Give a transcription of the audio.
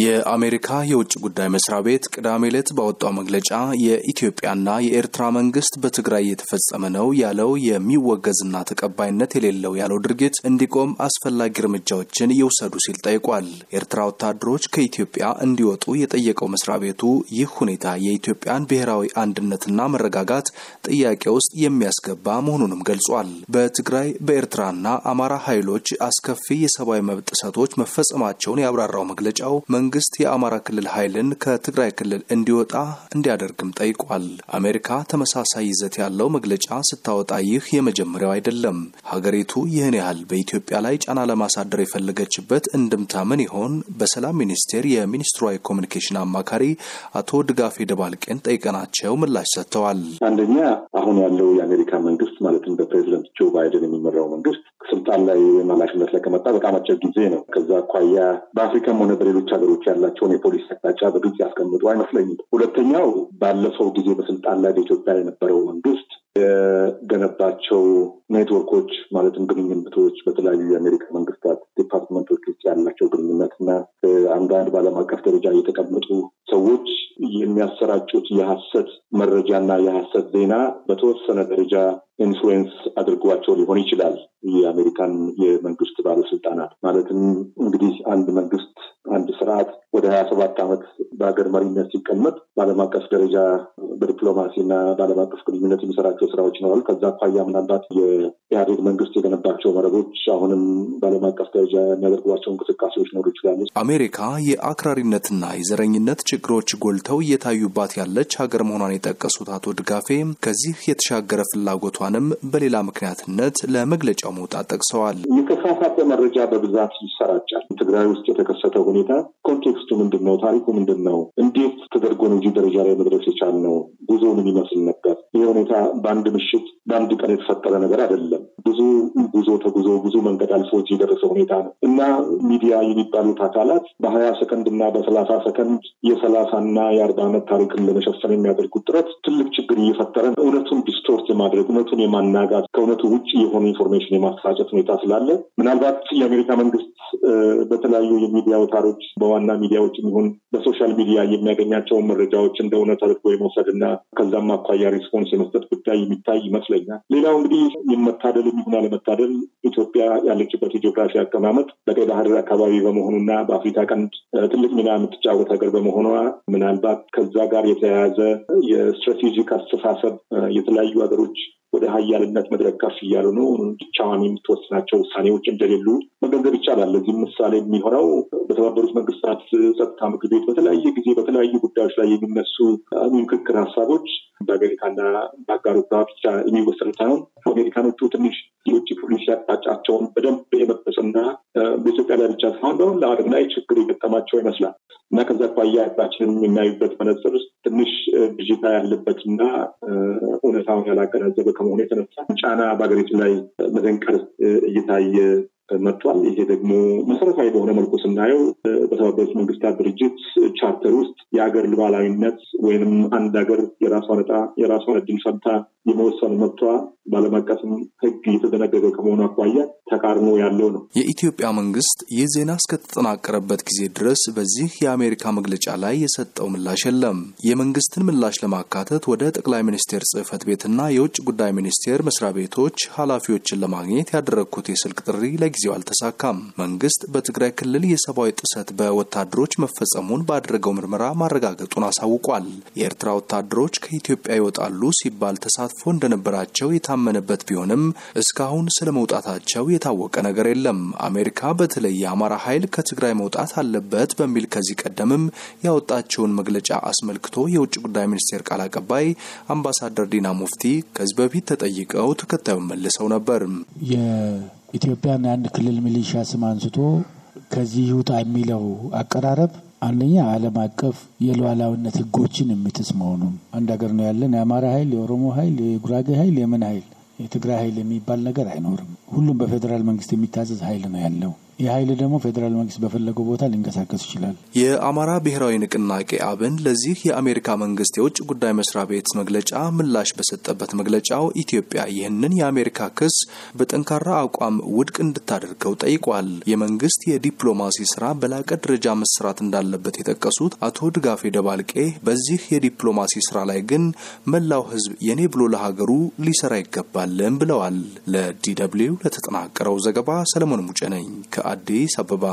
የአሜሪካ የውጭ ጉዳይ መስሪያ ቤት ቅዳሜ ዕለት ባወጣው መግለጫ የኢትዮጵያና የኤርትራ መንግስት በትግራይ እየተፈጸመ ነው ያለው የሚወገዝና ተቀባይነት የሌለው ያለው ድርጊት እንዲቆም አስፈላጊ እርምጃዎችን ይውሰዱ ሲል ጠይቋል። ኤርትራ ወታደሮች ከኢትዮጵያ እንዲወጡ የጠየቀው መስሪያ ቤቱ ይህ ሁኔታ የኢትዮጵያን ብሔራዊ አንድነትና መረጋጋት ጥያቄ ውስጥ የሚያስገባ መሆኑንም ገልጿል። በትግራይ በኤርትራና አማራ ኃይሎች አስከፊ የሰብአዊ መብት ጥሰቶች መፈጸማቸውን ያብራራው መግለጫው መንግስት የአማራ ክልል ኃይልን ከትግራይ ክልል እንዲወጣ እንዲያደርግም ጠይቋል። አሜሪካ ተመሳሳይ ይዘት ያለው መግለጫ ስታወጣ ይህ የመጀመሪያው አይደለም። ሀገሪቱ ይህን ያህል በኢትዮጵያ ላይ ጫና ለማሳደር የፈለገችበት እንድምታ ምን ይሆን? በሰላም ሚኒስቴር የሚኒስትሯ የኮሚኒኬሽን አማካሪ አቶ ድጋፌ ደባልቄን ጠይቀናቸው ምላሽ ሰጥተዋል። አንደኛ አሁን ያለው የአሜሪካ መንግስት ማለትም በፕሬዚደንት ጆ ባይደን የሚመራው መንግስት ስልጣን ላይ መላሽነት ላይ ከመጣ በጣም አጭር ጊዜ ነው። ከዛ አኳያ በአፍሪካም ሆነ በሌሎች ሀገሮች ያላቸውን የፖሊሲ አቅጣጫ በግልጽ ያስቀምጡ አይመስለኝም። ሁለተኛው ባለፈው ጊዜ በስልጣን ላይ በኢትዮጵያ የነበረው መንግስት የገነባቸው ኔትወርኮች ማለትም ግንኙነቶች በተለያዩ የአሜሪካ መንግስታት ዲፓርትመንቶች ውስጥ ያላቸው ግንኙነት እና አንዳንድ በዓለም አቀፍ ደረጃ የተቀመጡ ሰዎች የሚያሰራጩት የሀሰት መረጃና የሀሰት ዜና በተወሰነ ደረጃ ኢንፍሉዌንስ አድርጓቸው ሊሆን ይችላል። የአሜሪካን የመንግስት ባለስልጣናት ማለትም እንግዲህ አንድ መንግስት አንድ ስርዓት ወደ ሀያ ሰባት ዓመት በሀገር መሪነት ሲቀመጥ በዓለም አቀፍ ደረጃ በዲፕሎማሲ እና በዓለም አቀፍ ግንኙነት የሚሰራቸው ስራዎች ይኖራል። ከዛ አኳያ ምናልባት የኢህአዴግ መንግስት የገነባቸው መረቦች አሁንም በዓለም አቀፍ ደረጃ የሚያደርጓቸው እንቅስቃሴዎች ኖሩ ይችላሉ። አሜሪካ የአክራሪነትና የዘረኝነት ችግሮች ጎልተው እየታዩባት ያለች ሀገር መሆኗን የጠቀሱት አቶ ድጋፌ ከዚህ የተሻገረ ፍላጎቷንም በሌላ ምክንያትነት ለመግለጫው መውጣት ጠቅሰዋል። የተሳሳተ መረጃ በብዛት ይሰራጫል። ትግራይ ውስጥ የተከሰተው ሁኔታ ኮንቴክስቱ ምንድን ነው? ታሪኩ ምንድን ነው? እንዴት ተደርጎ ነው እዚህ ደረጃ ላይ መድረስ የቻልነው ጉዞውን የሚመስል ነበር። ይህ ሁኔታ በአንድ ምሽት በአንድ ቀን የተፈጠረ ነገር አይደለም። ብዙ ጉዞ ተጉዞ ብዙ መንገድ አልፎ የደረሰ ሁኔታ ነው እና ሚዲያ የሚባሉት አካላት በሀያ ሰከንድ እና በሰላሳ ሰከንድ የሰላሳ እና የአርባ ዓመት ታሪክን ለመሸፈን የሚያደርጉት ጥረት ትልቅ ችግር እየፈጠረ እውነቱን ዲስቶርት የማድረግ እውነቱን የማናጋት ከእውነቱ ውጭ የሆነ ኢንፎርሜሽን የማሰራጨት ሁኔታ ስላለ ምናልባት የአሜሪካ መንግስት በተለያዩ የሚዲያ አውታሮች በዋና ሚዲያዎች የሚሆን በሶሻል ሚዲያ የሚያገኛቸውን መረጃዎች እንደ እውነት አድርጎ የመውሰድ እና ከዛም አኳያ ሪስፖንስ ዲያግኖስ የመስጠት ጉዳይ የሚታይ ይመስለኛል። ሌላው እንግዲህ የመታደል የሚሆን አለመታደል ኢትዮጵያ ያለችበት የጂኦግራፊ አቀማመጥ በቀይ ባህር አካባቢ በመሆኑና በአፍሪካ ቀንድ ትልቅ ሚና የምትጫወት ሀገር በመሆኗ ምናልባት ከዛ ጋር የተያያዘ የስትራቴጂክ አስተሳሰብ የተለያዩ ሀገሮች ወደ ሀያልነት መድረክ ከፍ እያሉ ነው። ብቻዋን የምትወስናቸው ውሳኔዎች እንደሌሉ መገንዘብ ይቻላል። ለዚህም ምሳሌ የሚሆነው በተባበሩት መንግስታት ጸጥታ ምክር ቤት በተለያየ ጊዜ በተለያዩ ጉዳዮች ላይ የሚነሱ ምክክር ሀሳቦች በአሜሪካና በአጋሮቿ ብቻ የሚወሰኑ ሳይሆን አሜሪካኖቹ ትንሽ የውጭ ፖሊሲ አቅጣጫቸውን በደንብ የመጠጽና በኢትዮጵያ ላይ ብቻ ሳይሆን በሁሉ ዓለም ላይ ችግር የገጠማቸው ይመስላል እና ከዛ አኳያ ህዝባችንን የሚናዩበት መነጽር ውስጥ ትንሽ ብዥታ ያለበትና እውነታውን ያላገናዘበ ከመሆኑ የተነሳ ጫና በሀገሪቱ ላይ መደንቀር እየታየ መጥቷል። ይሄ ደግሞ መሰረታዊ በሆነ መልኩ ስናየው በተባበሩት መንግስታት ድርጅት ቻርተር ውስጥ የሀገር ልባላዊነት ወይንም አንድ ሀገር የራሷን ዕጣ የራሷን ዕድል ፈንታ የመወሰን መብቷ በዓለም አቀፍም ሕግ የተደነገገ ከመሆኑ አኳያ ተቃርኖ ያለው ነው። የኢትዮጵያ መንግስት ይህ ዜና እስከተጠናቀረበት ጊዜ ድረስ በዚህ የአሜሪካ መግለጫ ላይ የሰጠው ምላሽ የለም። የመንግስትን ምላሽ ለማካተት ወደ ጠቅላይ ሚኒስቴር ጽህፈት ቤትና የውጭ ጉዳይ ሚኒስቴር መስሪያ ቤቶች ኃላፊዎችን ለማግኘት ያደረግኩት የስልክ ጥሪ ለጊዜው አልተሳካም። መንግስት በትግራይ ክልል የሰብአዊ ጥሰት በወታደሮች መፈጸሙን ባደረገው ምርመራ ማረጋገጡን አሳውቋል። የኤርትራ ወታደሮች ከኢትዮጵያ ይወጣሉ ሲባል ተሳትፎ እንደነበራቸው የታመነበት ቢሆንም እስካሁን ስለ መውጣታቸው የታወቀ ነገር የለም። አሜሪካ በተለይ የአማራ ኃይል ከትግራይ መውጣት አለበት በሚል ከዚህ ቀደምም ያወጣቸውን መግለጫ አስመልክቶ የውጭ ጉዳይ ሚኒስቴር ቃል አቀባይ አምባሳደር ዲና ሙፍቲ ከዚህ በፊት ተጠይቀው ተከታዩን መልሰው ነበር። ኢትዮጵያን የአንድ ክልል ሚሊሻ ስም አንስቶ ከዚህ ይውጣ የሚለው አቀራረብ አንደኛ ዓለም አቀፍ የሉዓላዊነት ህጎችን የሚጥስ መሆኑም አንድ ሀገር ነው ያለን። የአማራ ኃይል፣ የኦሮሞ ኃይል፣ የጉራጌ ኃይል፣ የምን ኃይል፣ የትግራይ ኃይል የሚባል ነገር አይኖርም። ሁሉም በፌዴራል መንግስት የሚታዘዝ ኃይል ነው ያለው። ይህ ኃይል ደግሞ ፌዴራል መንግስት በፈለገው ቦታ ሊንቀሳቀስ ይችላል። የአማራ ብሔራዊ ንቅናቄ አብን ለዚህ የአሜሪካ መንግስት የውጭ ጉዳይ መስሪያ ቤት መግለጫ ምላሽ በሰጠበት መግለጫው ኢትዮጵያ ይህንን የአሜሪካ ክስ በጠንካራ አቋም ውድቅ እንድታደርገው ጠይቋል። የመንግስት የዲፕሎማሲ ስራ በላቀ ደረጃ መስራት እንዳለበት የጠቀሱት አቶ ድጋፌ ደባልቄ በዚህ የዲፕሎማሲ ስራ ላይ ግን መላው ህዝብ የኔ ብሎ ለሀገሩ ሊሰራ ይገባልን ብለዋል። ለዲ ደብልዩ ለተጠናቀረው ዘገባ ሰለሞን ሙጨ ነኝ። አዲስ አበባ